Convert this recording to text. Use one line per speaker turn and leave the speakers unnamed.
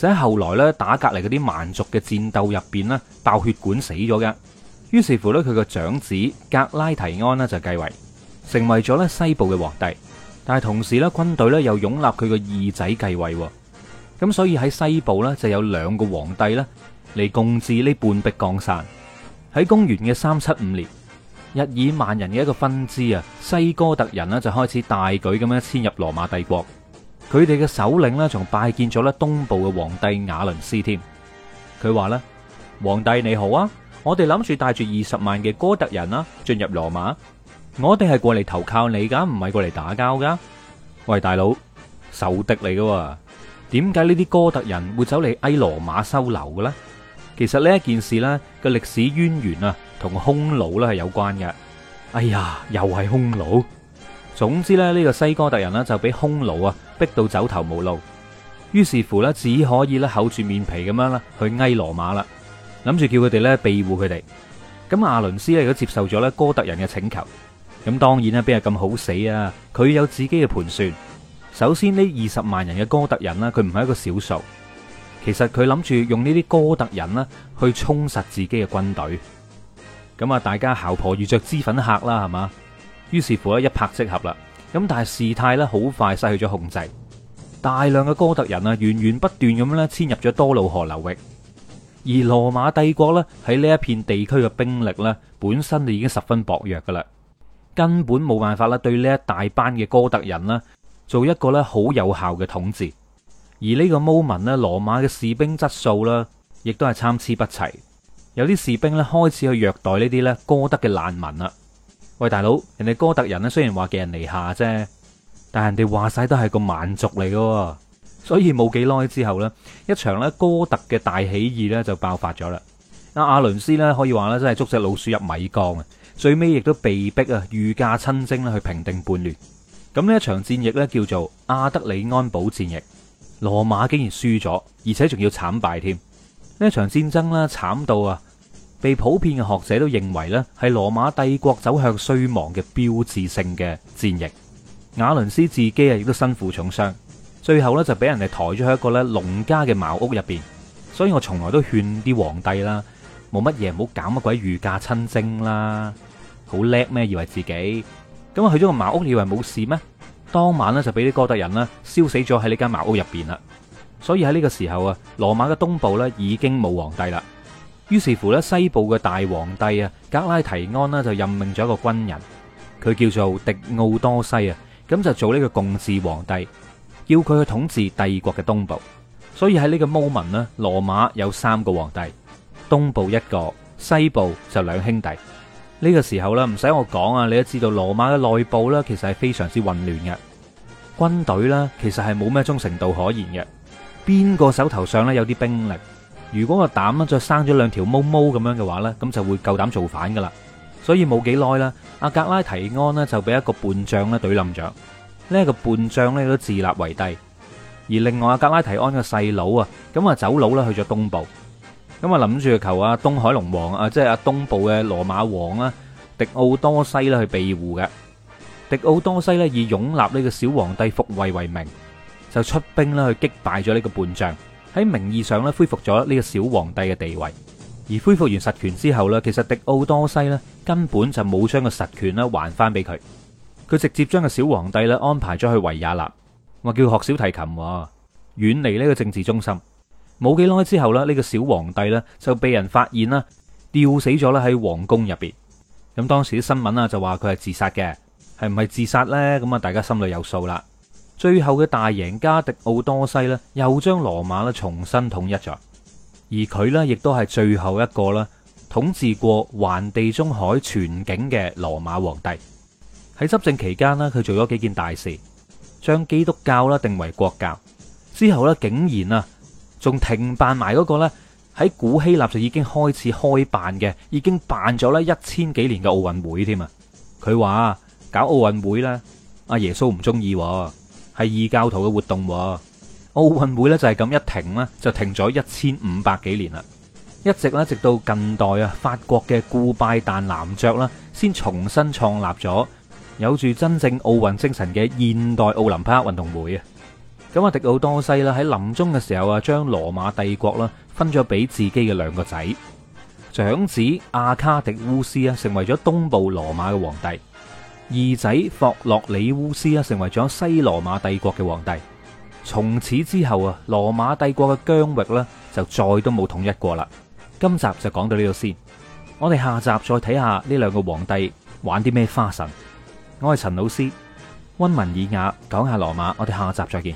就喺後來咧打隔離嗰啲蠻族嘅戰鬥入邊咧，爆血管死咗㗎。於是乎咧，佢個長子格拉提安咧就繼位，成為咗咧西部嘅皇帝。但係同時咧，軍隊咧又擁立佢個二仔繼位。咁所以喺西部咧就有兩個皇帝咧嚟共治呢半壁江山。喺公元嘅三七五年，日耳曼人嘅一個分支啊，西哥特人咧就開始大舉咁樣遷入羅馬帝國。佢哋嘅首領咧，仲拜見咗咧東部嘅皇帝瓦倫斯添。佢話咧：皇帝你好啊，我哋諗住帶住二十萬嘅哥特人啊，進入羅馬。我哋係過嚟投靠你噶，唔係過嚟打交噶。喂，大佬，仇敵嚟噶，點解呢啲哥特人會走嚟埃羅馬收留嘅咧？其實呢一件事咧，個歷史淵源啊，同匈奴咧係有關嘅。哎呀，又係匈奴！總之咧，呢、這個西哥特人呢，就俾匈奴啊逼到走投無路，於是乎呢，只可以咧厚住面皮咁樣啦去哀羅馬啦，諗住叫佢哋咧庇護佢哋。咁阿倫斯呢，都接受咗咧哥特人嘅請求，咁當然啦，邊係咁好死啊？佢有自己嘅盤算。首先呢二十萬人嘅哥特人呢，佢唔係一個少數，其實佢諗住用呢啲哥特人呢，去充實自己嘅軍隊。咁啊，大家姣婆遇着脂粉客啦，係嘛？於是乎咧，一拍即合啦。咁但係事態咧，好快失去咗控制。大量嘅哥特人啊，源源不斷咁咧遷入咗多瑙河流域。而羅馬帝國呢，喺呢一片地區嘅兵力呢，本身就已經十分薄弱噶啦，根本冇辦法啦對呢一大班嘅哥特人呢，做一個咧好有效嘅統治。而呢個 moment 呢，羅馬嘅士兵質素啦，亦都係參差不齊。有啲士兵呢，開始去虐待呢啲咧哥德嘅難民啦。喂，大佬，人哋哥特人呢，雖然話寄人籬下啫，但係人哋話晒都係個蠻族嚟嘅。所以冇幾耐之後呢，一場咧哥特嘅大起義咧就爆發咗啦。阿阿倫斯呢，可以話咧真係捉隻老鼠入米缸啊！最尾亦都被逼啊御駕親征去平定叛亂。咁呢一場戰役呢，叫做阿德里安堡戰役，羅馬竟然輸咗，而且仲要慘敗添。呢一場戰爭咧慘到啊！被普遍嘅學者都認為咧，係羅馬帝國走向衰亡嘅標誌性嘅戰役。瓦倫斯自己啊，亦都身負重傷，最後咧就俾人哋抬咗去一個咧農家嘅茅屋入邊。所以我從來都勸啲皇帝啦，冇乜嘢唔好搞乜鬼御駕親征啦，好叻咩？以為自己咁去咗個茅屋，以為冇事咩？當晚咧就俾啲哥特人咧燒死咗喺呢間茅屋入邊啦。所以喺呢個時候啊，羅馬嘅東部咧已經冇皇帝啦。於是乎咧，西部嘅大皇帝啊，格拉提安咧就任命咗一個軍人，佢叫做迪奧多西啊，咁就做呢個共治皇帝，要佢去統治帝國嘅東部。所以喺呢個 moment 咧，羅馬有三個皇帝，東部一個，西部就兩兄弟。呢、呢個時候咧，唔使我講啊，你都知道羅馬嘅內部呢其實係非常之混亂嘅，軍隊呢其實係冇咩忠誠度可言嘅，邊個手頭上呢有啲兵力？如果個膽咧再生咗兩條毛毛咁樣嘅話咧，咁就會夠膽造反噶啦。所以冇幾耐啦，阿格拉提安咧就俾一個叛將咧懟冧咗。呢一個叛將咧都自立為帝，而另外阿格拉提安嘅細佬啊，咁啊走佬啦去咗東部，咁啊諗住求阿東海龍王啊，即係阿東部嘅羅馬王啦，狄奧多西啦去庇護嘅。狄奧多西咧以擁立呢個小皇帝復位為名，就出兵咧去擊敗咗呢個叛將。喺名義上咧恢復咗呢個小皇帝嘅地位，而恢復完實權之後呢，其實迪奧多西咧根本就冇將個實權啦還翻俾佢，佢直接將個小皇帝咧安排咗去維也納，我叫學小提琴，遠離呢個政治中心。冇幾耐之後呢，呢個小皇帝呢就被人發現啦，吊死咗啦喺皇宮入邊。咁當時新聞啊就話佢係自殺嘅，係唔係自殺呢？咁啊，大家心裏有數啦。最後嘅大贏家迪奧多西咧，又將羅馬咧重新統一咗。而佢咧，亦都係最後一個啦統治過環地中海全境嘅羅馬皇帝。喺執政期間咧，佢做咗幾件大事，將基督教啦定為國教之後咧，竟然啊仲停辦埋嗰個咧喺古希臘就已經開始開辦嘅，已經辦咗咧一千幾年嘅奧運會添啊。佢話搞奧運會咧，阿耶穌唔中意。異教徒嘅活動，奧運會呢就係咁一停呢就停咗一千五百幾年啦，一直呢，直到近代啊，法國嘅顧拜旦男爵啦，先重新創立咗有住真正奧運精神嘅現代奧林匹克運動會啊。咁啊，迪奧多西啦喺臨終嘅時候啊，將羅馬帝國啦分咗俾自己嘅兩個仔，長子阿卡迪烏斯啊，成為咗東部羅馬嘅皇帝。二仔霍洛里烏斯啊，成為咗西羅馬帝國嘅皇帝。從此之後啊，羅馬帝國嘅疆域呢，就再都冇統一過啦。今集就講到呢度先，我哋下集再睇下呢兩個皇帝玩啲咩花臣。我係陳老師，溫文爾雅講下羅馬，我哋下集再見。